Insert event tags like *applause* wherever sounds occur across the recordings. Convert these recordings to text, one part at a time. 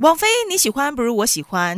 王菲你喜歡，不如我喜歡。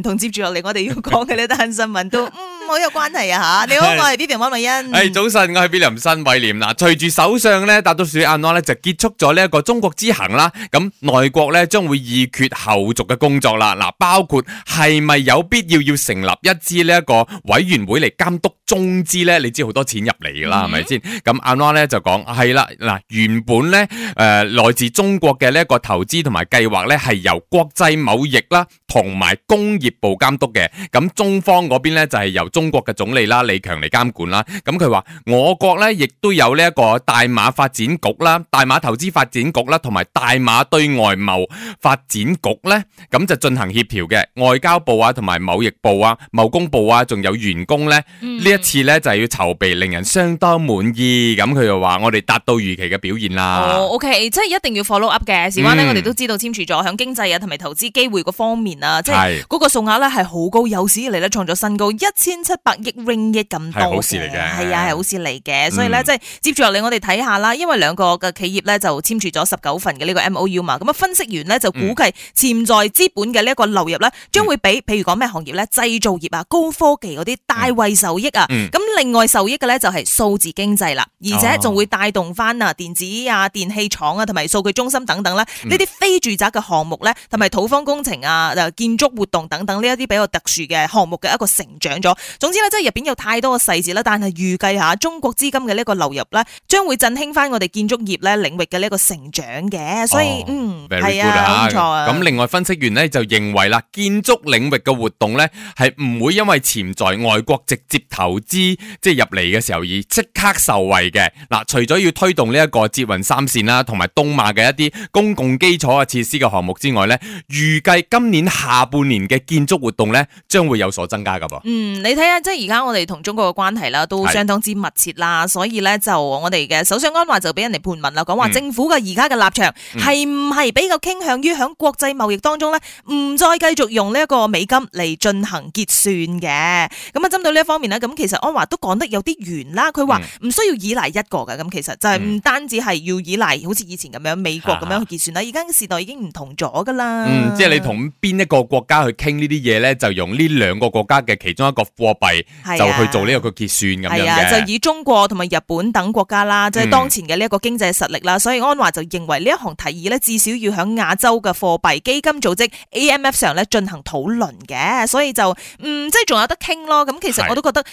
同，接住落嚟，我哋要講嘅呢單新聞都好有關係啊！吓，你好，我係 Billam 王偉恩。係早晨，我係 Billam 新偉廉。嗱，隨住首相咧拿督斯里安華咧就結束咗呢一個中國之行啦。咁內閣咧將會議決後續嘅工作啦。嗱，包括係咪有必要要成立一支呢一個委員會嚟監督？中資咧，你知好多錢入嚟噶啦，係咪先？咁安華咧就講係啦，嗱原本咧，誒、呃、來自中國嘅呢一個投資同埋計劃咧，係由國際貿易啦同埋工業部監督嘅。咁中方嗰邊咧就係、是、由中國嘅總理啦，李強嚟監管啦。咁佢話，我國咧亦都有呢一個大馬發展局啦、大馬投資發展局啦，同埋大馬對外貿發展局咧，咁就進行協調嘅。外交部啊，同埋貿易部啊、貿工部啊，仲有員工咧呢、嗯一次咧就係要籌備令人相當滿意，咁佢又話我哋達到預期嘅表現啦。o、oh, k、okay, 即係一定要 follow up 嘅。事關呢，我哋都知道簽署咗響經濟啊同埋投資機會嗰方面啊，mm. 即係嗰個數額咧係好高，有史以嚟，咧創咗新高一千七百億 ringgit 咁多。好事嚟嘅，係啊，係好事嚟嘅。所以咧，即係接住落嚟，我哋睇下啦，因為兩個嘅企業咧就簽署咗十九份嘅呢個 M O U 嘛。咁啊，分析員呢，就估計潛在資本嘅呢一個流入咧將會比譬、mm. 如講咩行業咧製造業啊、高科技嗰啲大位受益啊。Mm. 咁、嗯、另外受益嘅咧就係數字經濟啦，而且仲會帶動翻啊電子啊電器廠啊同埋數據中心等等咧，呢啲非住宅嘅項目咧同埋土方工程啊、建築活動等等呢一啲比較特殊嘅項目嘅一個成長咗。總之咧，即係入邊有太多嘅細節啦，但係預計下中國資金嘅呢個流入咧，將會振興翻我哋建築業咧領域嘅呢個成長嘅。所以、哦、嗯係 very good, 啊，冇錯、啊。咁另外分析員咧就認為啦，建築領域嘅活動咧係唔會因為潛在外國直接投。投資即係入嚟嘅時候，已即刻受惠嘅嗱。除咗要推動呢一個捷運三線啦，同埋東馬嘅一啲公共基礎嘅設施嘅項目之外咧，預計今年下半年嘅建築活動咧，將會有所增加噶噃。嗯，你睇下，即係而家我哋同中國嘅關係啦，都相當之密切啦，是所以咧就我哋嘅首相安華就俾人哋盤問啦，講話政府嘅而家嘅立場係唔係比較傾向於響國際貿易當中咧，唔再繼續用呢一個美金嚟進行結算嘅。咁啊，針對呢一方面呢，咁其其實安華都講得有啲圓啦，佢話唔需要依賴一個嘅，咁、嗯、其實就係唔單止係要依賴好似以前咁樣美國咁樣去結算啦，而家嘅時代已經唔同咗噶啦。即係你同邊一個國家去傾呢啲嘢呢？就用呢兩個國家嘅其中一個貨幣就去做呢、這個佢是、啊、結算咁樣、啊、就以中國同埋日本等國家啦，即、就、係、是、當前嘅呢一個經濟實力啦，嗯、所以安華就認為呢一項提議呢，至少要響亞洲嘅貨幣基金組織 AMF 上咧進行討論嘅，所以就、嗯、即係仲有得傾咯。咁其實我都覺得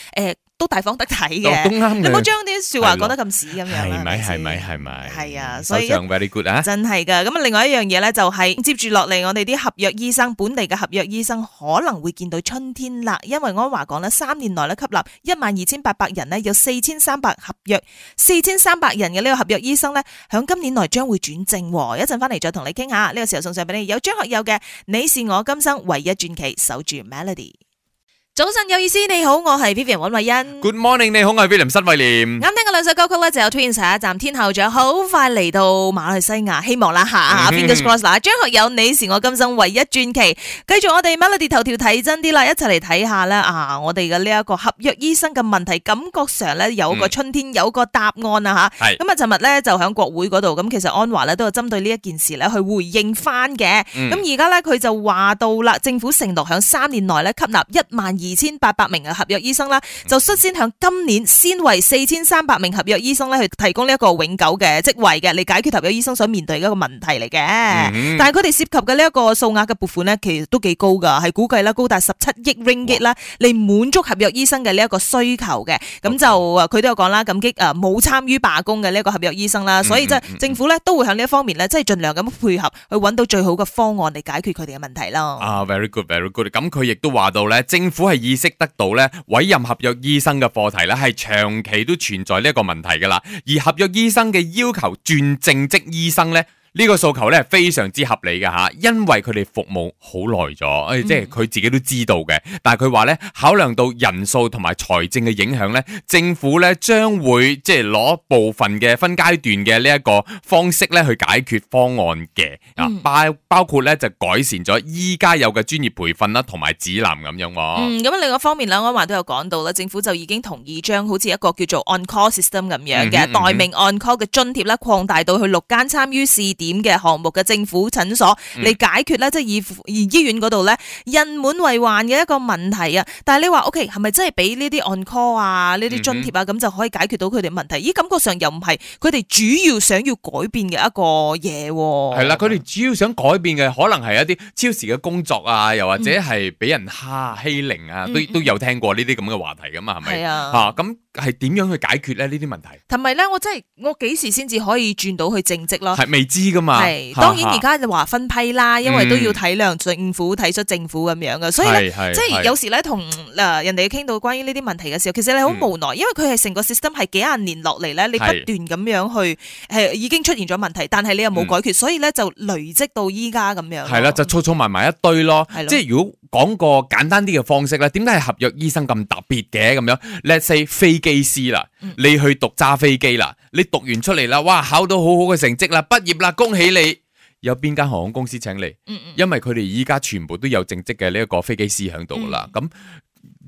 都大方得體嘅，哦，你冇將啲說話講的得咁屎咁樣，係咪？係咪？係咪？係啊，所以 very good 啊，真係噶。咁啊，另外一樣嘢咧就係、是、接住落嚟，我哋啲合約醫生，本地嘅合約醫生可能會見到春天啦，因為安華講咧，三年內咧吸納一萬二千八百人呢，有四千三百合約，四千三百人嘅呢個合約醫生咧，響今年內將會轉正。一陣翻嚟再同你傾下，呢，這個時候送上俾你，有張學友嘅《你是我今生唯一傳奇》守，守住 Melody。早晨有意思，你好，我係 Vivian 尹慧欣。Good morning，你好，我係 Vivian 辛慧廉。啱聽嘅兩首歌曲咧，就有 Twins 上一站天后獎，好快嚟到馬來西亞，希望啦吓。Mm. 啊《Fingers Cross》張學友，你是我今生唯一傳奇。繼續我哋 Melody 頭條睇真啲啦，一齊嚟睇下咧啊，我哋嘅呢一個合約醫生嘅問題，感覺上咧有個春天，mm. 有個答案啊吓。咁啊，尋日咧就響國會嗰度，咁其實安華咧都有針對呢一件事咧去回應翻嘅。咁而家咧佢就話到啦，政府承諾響三年內咧吸納一萬二二千八百名嘅合約醫生啦，就率先向今年先為四千三百名合約醫生咧去提供呢一個永久嘅職位嘅，嚟解決合約醫生所面對嘅一個問題嚟嘅。但係佢哋涉及嘅呢一個數額嘅撥款咧，其實都幾高㗎，係估計啦高達十七億 ringgit 啦，嚟滿足合約醫生嘅呢一個需求嘅。咁就佢都有講啦，感激啊冇參與罷工嘅呢一個合約醫生啦，所以即係政府咧都會向呢一方面咧，即係盡量咁配合去揾到最好嘅方案嚟解決佢哋嘅問題咯。啊、ah，very good，very good。咁佢亦都話到咧，政府係意識得到咧委任合約醫生嘅課題咧係長期都存在呢一個問題噶啦，而合約醫生嘅要求轉正職醫生咧。這個訴呢個訴求咧，非常之合理嘅嚇，因為佢哋服務好耐咗，嗯、即係佢自己都知道嘅。但係佢話咧，考量到人數同埋財政嘅影響咧，政府咧將會即係攞部分嘅分階段嘅呢一個方式咧去解決方案嘅啊，包、嗯、包括咧就改善咗依家有嘅專業培訓啦，同埋指南咁樣喎。嗯，咁另外一方面咧，安華都有講到啦，政府就已經同意將好似一個叫做 on call system 咁樣嘅待命 on call 嘅津貼咧擴大到去六間參與試點。點嘅項目嘅政府診所嚟解決咧，嗯、即係醫醫院嗰度咧，人滿為患嘅一個問題啊！但係你話 OK，係咪真係俾呢啲 on call 啊，呢啲津貼啊，咁、嗯、哼就可以解決到佢哋問題？咦，感覺上又唔係，佢哋主要想要改變嘅一個嘢、啊。係啦、啊，佢哋主要想改變嘅，可能係一啲超時嘅工作啊，又或者係俾人蝦欺，欺凌啊，嗯、哼都都有聽過呢啲咁嘅話題㗎嘛？係咪？係啊。吓、啊，咁係點樣去解決咧？呢啲問題同埋咧，我真係我幾時先至可以轉到去正職咯？係未知。係，當然而家就話分批啦，因為都要體諒政府、體恤、嗯、政府咁樣嘅，所以咧，即係有時咧，同誒人哋傾到關於呢啲問題嘅時候，其實你好無奈，嗯、因為佢係成個 system 係幾廿年落嚟咧，你不斷咁樣去係是已經出現咗問題，但係你又冇解決，嗯、所以咧就累積到依家咁樣。係啦，就粗粗埋埋一堆咯。係，即係如果講個簡單啲嘅方式咧，點解係合約醫生咁特別嘅咁樣？Let's say，飛機師啦。你去讀揸飛機啦，你讀完出嚟啦，哇，考到好好嘅成績啦，畢業啦，恭喜你！有邊間航空公司請你？嗯，因為佢哋依家全部都有正職嘅呢一個飛機師喺度啦，咁，嗯。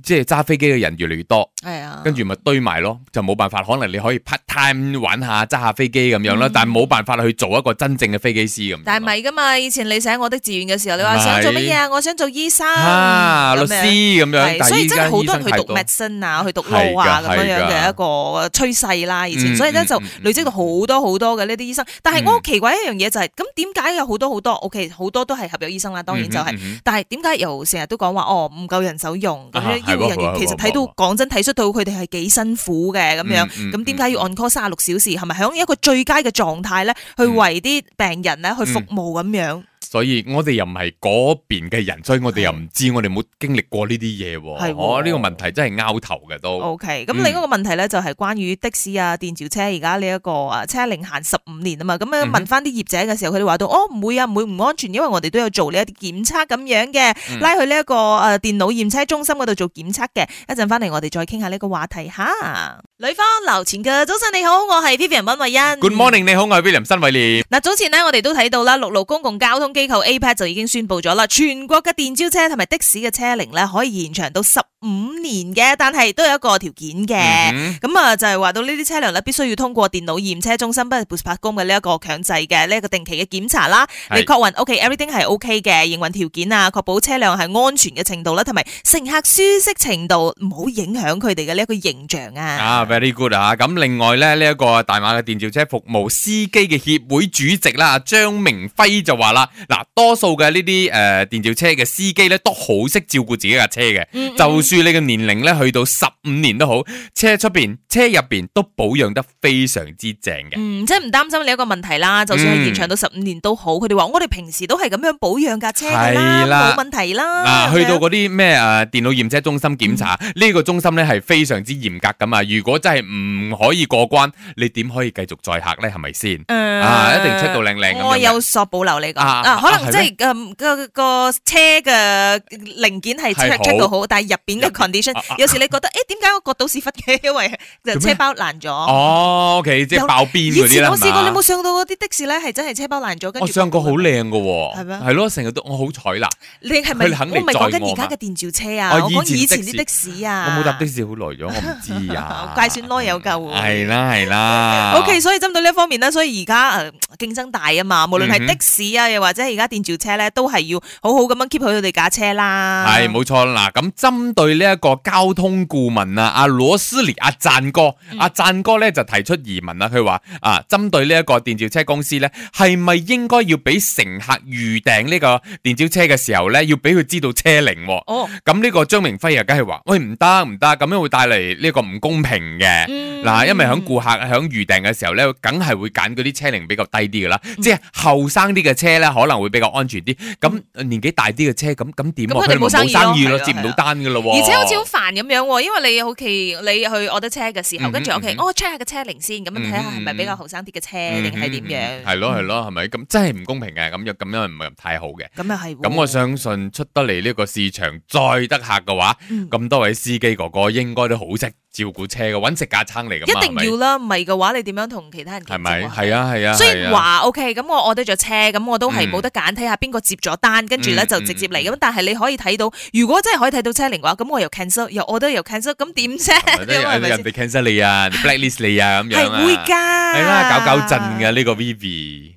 即係揸飛機嘅人越嚟越多，係啊，跟住咪堆埋咯，就冇辦法。可能你可以 part time 玩下揸下飛機咁樣啦，但係冇辦法去做一個真正嘅飛機師咁。但係咪係噶嘛，以前你寫我的志願嘅時候，你話想做乜嘢啊？我想做醫生，律師咁樣，所以真係好多人去讀 medicine 啊，去讀 law 啊咁樣嘅一個趨勢啦。以前所以咧就累積到好多好多嘅呢啲醫生，但係我好奇怪一樣嘢就係，咁點解有好多好多 OK，好多都係合約醫生啦，當然就係，但係點解又成日都講話哦唔夠人手用醫護人員其實睇 *music* 到講真睇出到佢哋係幾辛苦嘅咁樣，咁點解要按 n call 三十六小時？係咪喺一個最佳嘅狀態咧，去為啲病人咧去服務咁樣？嗯嗯。所以我哋又唔係嗰邊嘅人，所以我哋又唔知，我哋冇經歷過呢啲嘢喎。我呢個問題真係拗頭嘅都。OK，咁另一個問題咧、嗯、就係關於的士啊、電召車而家呢一個啊車齡限十五年啊嘛，咁樣問翻啲業者嘅時候，佢哋話到哦唔會啊，唔會唔安全，因為我哋都有做呢一啲檢測咁樣嘅，拉去呢一個誒電腦驗車中心嗰度做檢測嘅。一陣翻嚟我哋再傾下呢個話題嚇。哈女方樓前嘅早晨你好，我係 Vivian 温慧欣。Good morning，你好，我係 William 申偉廉。嗱早前呢，我哋都睇到啦，陸路公共交通機機構 APEC 就已經宣佈咗啦，全國嘅電召車同埋的士嘅車齡咧可以延長到十五年嘅，但係都有一個條件嘅。咁啊、嗯哼，就係話到呢啲車輛咧，必須要通過電腦驗車中心，不係 Puspakom 嘅呢一個強制嘅呢一個定期嘅檢查啦，是你確認 OK，everything 係 OK 嘅營運條件啊，確保車輛係安全嘅程度啦，同埋乘客舒適程度，唔好影響佢哋嘅呢一個形象啊。啊，very good 啊！咁另外咧，呢、這、一個大馬嘅電召車服務司機嘅協會主席啦、啊，張明輝就話啦。嗱，多數嘅呢啲誒電召車嘅司機咧，都好識照顧自己架車嘅。就算你嘅年齡咧去到十五年都好，車出邊、車入邊都保養得非常之正嘅。嗯，即係唔擔心你一個問題啦。就算延長到十五年都好，佢哋話我哋平時都係咁樣保養架車噶啦，冇問題啦。嗱，去到嗰啲咩啊電腦驗車中心檢查，呢個中心咧係非常之嚴格噶嘛。如果真係唔可以過關，你點可以繼續載客咧？係咪先？啊，一定出到靚靚。我有所保留你啊。可能即係嘅嘅個車嘅零件係 check check 到好，但係入邊嘅 condition，有時你覺得，誒點解我覺得到屎忽嘅？因為就車包爛咗。哦，OK，即係爆邊嗰啲以前我試過，你冇上到嗰啲的士咧？係真係車包爛咗，跟住上過好靚嘅喎，係咩？係咯，成日都我好彩啦。你係咪？我咪係講緊而家嘅電召車啊，我講以前啲的士啊。我冇搭的士好耐咗，我唔知啊。介紹咯，有嚿。係啦，係啦。OK，所以針對呢一方面咧，所以而家誒競爭大啊嘛，無論係的士啊，又或者。而家電召車咧，都係要好好咁樣 keep 好佢哋架車啦。係冇錯啦，嗱咁針對呢一個交通顧問啊，阿羅斯尼阿贊哥，阿贊、嗯啊、哥咧就提出疑問啦。佢話啊，針對呢一個電召車公司咧，係咪應該要俾乘客預訂呢個電召車嘅時候咧，要俾佢知道車齡？哦。咁呢個張明輝啊梗係話，喂、欸，唔得唔得，咁樣會帶嚟呢個唔公平嘅。嗱、嗯，因為響顧客響預訂嘅時候咧，梗係會揀嗰啲車齡比較低啲嘅啦，嗯、即係後生啲嘅車咧，可能。會比較安全啲，咁年紀大啲嘅車，咁咁點啊？佢哋冇生意咯，接唔到單噶咯，而且好似好煩咁樣，因為你好奇你去我得車嘅時候，跟住我奇，我 check 下個車齡先，咁樣睇下係咪比較後生啲嘅車，定係點樣？係咯係咯，係咪咁真係唔公平嘅？咁又咁樣唔係太好嘅。咁係。咁我相信出得嚟呢個市場再得客嘅話，咁多位司機哥哥應該都好識。照顧車嘅揾食架撐嚟㗎嘛，一定要啦，唔係嘅話你點樣同其他人競爭？係咪？係啊係啊，雖然話 OK，咁我我得咗車，咁我都係冇得揀，睇下邊個接咗單，跟住咧就直接嚟。咁但係你可以睇到，如果真係可以睇到車齡嘅話，咁我又 cancel 又我都又 cancel，咁點啫？係咪 *laughs* 人哋 cancel 你啊，blacklist 你啊咁樣啊？係會㗎。係 *noise* 啦，搞搞震㗎呢個 Vivi。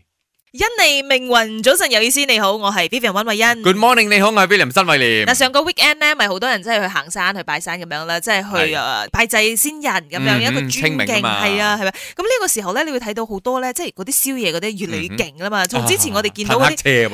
恩利命運，早晨有意思，你好，我係 Vivian 溫慧恩。Good morning，你好，我係 William 申慧廉。嗱，上個 weekend 咧，咪好多人即係去行山、去拜山咁樣啦，即係去啊拜祭先人咁樣，一個尊敬係啊，係咪？咁呢個時候咧，你會睇到好多咧，即係嗰啲燒嘢嗰啲越嚟越勁啦嘛。從之前我哋見到嗰啲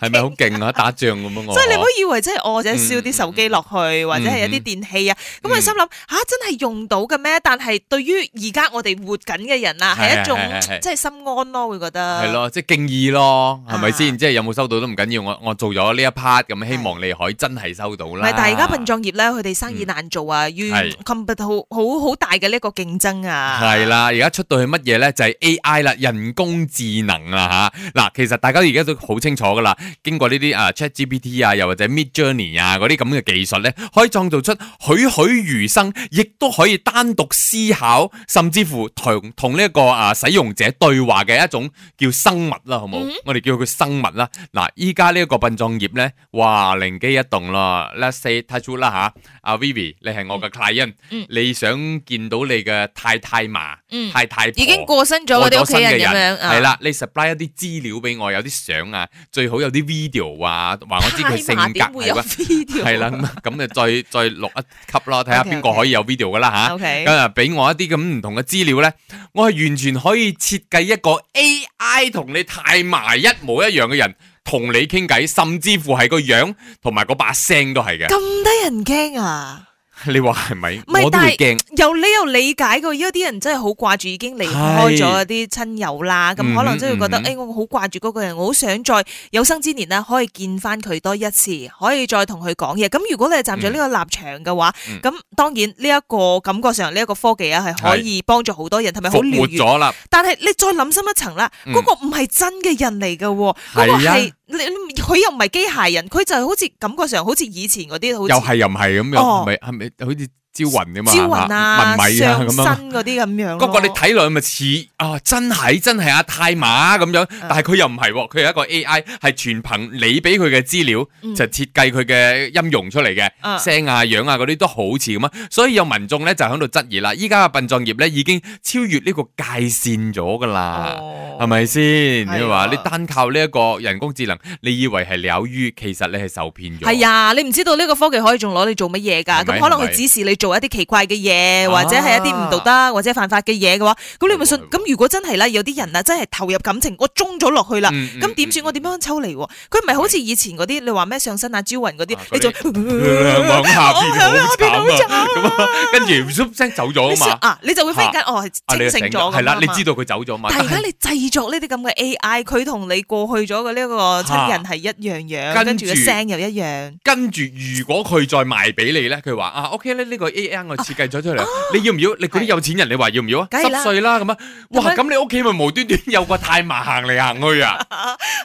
係咪好勁啊？打仗咁樣，我所以你唔好以為即係我哋燒啲手機落去或者係一啲電器啊，咁我心諗吓真係用到嘅咩？但係對於而家我哋活緊嘅人啊，係一種即係心安咯，會覺得。係咯，即係、就是、敬意咯，係咪先？啊、即係有冇收到都唔緊要，我我做咗呢一 part 咁，希望你可以真係收到啦。唔係，但係而家殯葬業咧，佢哋生意難做啊，嗯、要 combat 好好好大嘅呢個競爭啊。係啦，而家出到去乜嘢咧？就係、是、AI 啦，人工智能啦吓。嗱、啊，其實大家而家都好清楚噶啦，經過呢啲啊 ChatGPT 啊，又或者 Midjourney 啊嗰啲咁嘅技術咧，可以創造出栩栩如生，亦都可以單獨思考，甚至乎同同呢、這、一個啊使用者對話嘅一種。叫生物啦，好冇好？嗯、我哋叫佢生物啦。嗱，依家，呢一個殯葬業咧，哇，靈機一動啦。Let's say，太祖啦吓，阿 Vivi，你係我嘅 client，你想見到你嘅太太嘛，嗯、太太，已經過身咗我哋屋企人咁樣，係、啊、啦，你 supply 一啲資料俾我，有啲相啊，最好有啲 video 啊，話我知佢性格係啦，咁啊， *laughs* 再再錄一級咯，睇下邊個可以有 video 噶啦吓。咁 Okay. 啊，俾我一啲咁唔同嘅資料咧，我係完全可以設計一個 A。同你太埋一模一樣嘅人同你傾偈，甚至乎係個樣同埋嗰把聲都係嘅，咁得人驚啊！你話係咪？唔係，但係有你又理解嘅，而家啲人真係好掛住已經離開咗啲親友啦。咁的可能真係覺得，誒、嗯嗯哎，我好掛住嗰個人，我好想再有生之年咧可以見翻佢多一次，可以再同佢講嘢。咁如果你係站在呢個立場嘅話，咁、嗯嗯、當然呢一個感覺上，呢、這、一個科技啊係可以幫助好多人，同埋好療癒。但係你再諗深一層啦，嗰、那個唔係真嘅人嚟嘅，嗰、嗯、個係。你佢又唔係機械人，佢就係好似感覺上好似以前嗰啲，好似又係又唔係咁又唔係，係咪好似？招魂噶嘛，問米啊，咁、啊、樣，那你看不過你睇落去咪似啊，真係真係阿泰馬咁、啊、樣，但係佢又唔係喎，佢係一個 A.I. 係全憑你俾佢嘅資料就設計佢嘅音容出嚟嘅，聲、嗯、啊、樣啊嗰啲都好似咁樣，所以有民眾咧就喺度質疑啦，依家嘅殯葬業咧已經超越呢個界線咗噶啦，係咪先？你話、啊、你單靠呢一個人工智能，你以為係了於，其實你係受騙咗。係啊，你唔知道呢個科技可以仲攞你做乜嘢噶，咁可能佢指示你。做一啲奇怪嘅嘢，或者係一啲唔道德或者犯法嘅嘢嘅話，咁你咪信？咁如果真係啦，有啲人啊，真係投入感情，我中咗落去啦，咁點算？我點樣抽離？佢唔係好似以前嗰啲，你話咩上身啊、招魂嗰啲，你就望下，變好慘啊！咁啊，跟住唔聲走咗啊嘛？啊，你就會忽然間哦，清醒咗，係啦，你知道佢走咗嘛？但係而家你製作呢啲咁嘅 AI，佢同你過去咗嘅呢一個親人係一樣樣，跟住個聲又一樣。跟住如果佢再賣俾你咧，佢話啊，OK 咧，呢個。a AR i 我設計咗出嚟，啊、你要唔要？的你嗰啲有錢人要要，你話要唔要啊？十歲啦，咁樣，哇！咁你屋企咪無端端有個太嫲行嚟行去啊， *laughs*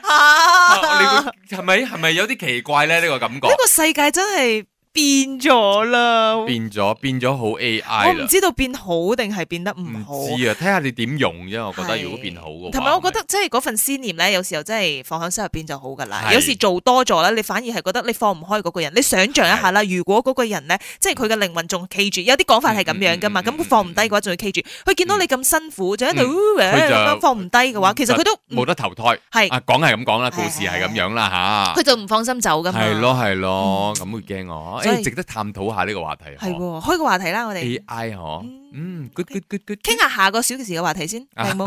啊？係咪係咪有啲奇怪咧？呢 *laughs* 個感覺？呢個世界真係～變咗啦，變咗變咗好 AI 啦。我唔知道變好定係變得唔好。唔知啊，睇下你點用啫。我覺得如果變好嘅話，同埋我覺得即係嗰份思念咧，有時候真係放喺心入邊就好噶啦。有時做多咗咧，你反而係覺得你放唔開嗰個人。你想象一下啦，如果嗰個人咧，即係佢嘅靈魂仲企住，有啲講法係咁樣噶嘛。咁佢放唔低嘅話，仲要企住。佢見到你咁辛苦，就喺度，佢就放唔低嘅話，其實佢都冇得投胎。係啊，講係咁講啦，故事係咁樣啦吓。佢就唔放心走噶嘛。係咯係咯，咁會驚我。值得探討下呢個話題，係開個話題啦，我哋 A I 嗬，嗯，good good good good，傾下下個小時嘅話題先，係冇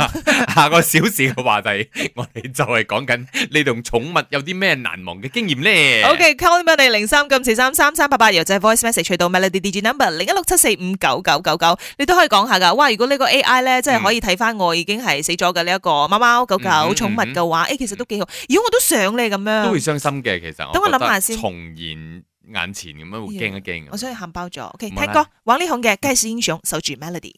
下個小時嘅話題，我哋就係講緊你同寵物有啲咩難忘嘅經驗呢 OK，call 我0零三九3三三三八八由仔 voice message 渠道 melody D G number 0167459999。你都可以講下噶。哇，如果呢個 A I 呢，真係可以睇翻我已經係死咗嘅呢一個貓貓狗狗寵物嘅話，其實都幾好。如果我都想你咁樣，都會傷心嘅。其實等我諗下先，重演。眼前咁樣會驚一驚，yeah, 我想去喊爆咗。OK，泰哥了，王力宏嘅《蓋世英雄》守住 Melody。